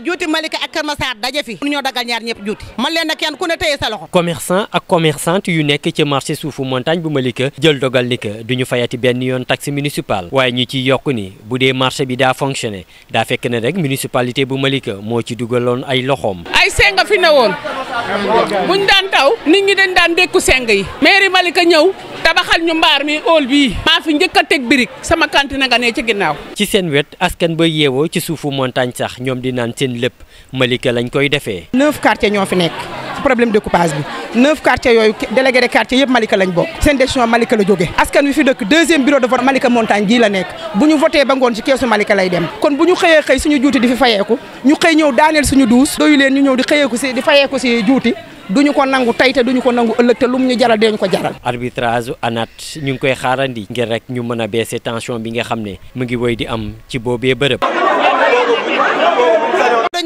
mooy juuti Malika ak Kër Massar daje fi ñoo dagal ñaar ñëpp juuti man leen na kenn ku ne téye sa loxo commerçant ak commerçante yu nekk ci marché suufu montagne bu Malika jël dogal ni que duñu fayati benn yoon taxe municipale waaye ñu ciy yokk ni bu dee marché bi daa fonctionné daa fekk ne rek municipalité bu Malika moo ci dugaloon ay loxoom ay senga fi ne woon buñ daan taw nit ñi dañ daan dékku seng yi mairie Malika ñëw tabaxal ñu mbaar mi óol bii maa fi njëkk a teg birig sama kantina nga ne ci ginnaaw ci seen wet askan ba yeewoo ci suufu montagne sax ñoom di naan seen lépp Malika lañ koy defee neuf quartier ñoo fi nekk problème découpage bi neuf quartiers yooyu délégué de quartier yëpp Malika lañ bokk seen décision Malika la jóge askan wi fi dëkk deuxième bureau de vote Malika montagne gii la nekk bu ñu voté ba ngoon ci keesu Malika lay dem kon bu ñu xëyee xëy suñu juuti di fayeeku ñu xëy ñëw daaneel suñu duus doyu ñu ñëw di xëyeeku si di fayeeku si juuti duñu ko nangu tey te duñu ko nangu ëllëg te lum ñu jaral dañ ko jaral. arbitrage ANAT ñu ngi koy xaarandi.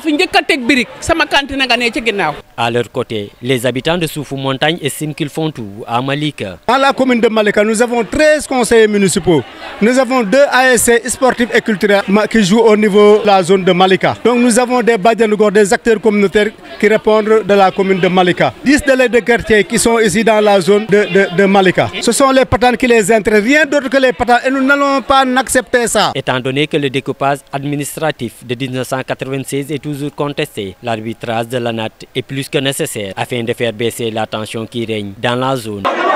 a À leur côté, les habitants de Soufou Montagne estiment qu'ils font tout à Malika. Dans la commune de Malika, nous avons 13 conseillers municipaux. Nous avons deux ASC sportifs et culturels qui jouent au niveau de la zone de Malika. Donc nous avons des Badianougor, des acteurs communautaires qui répondent de la commune de Malika. 10 délégués de quartier qui sont ici dans la zone de, Malika. Ce sont les patins qui les intéressent, rien d'autre que les patins. et nous n'allons pas accepter ça. Étant donné que le découpage administratif de 1996 est tout contesté, l'arbitrage de la NAT est plus que nécessaire afin de faire baisser la tension qui règne dans la zone.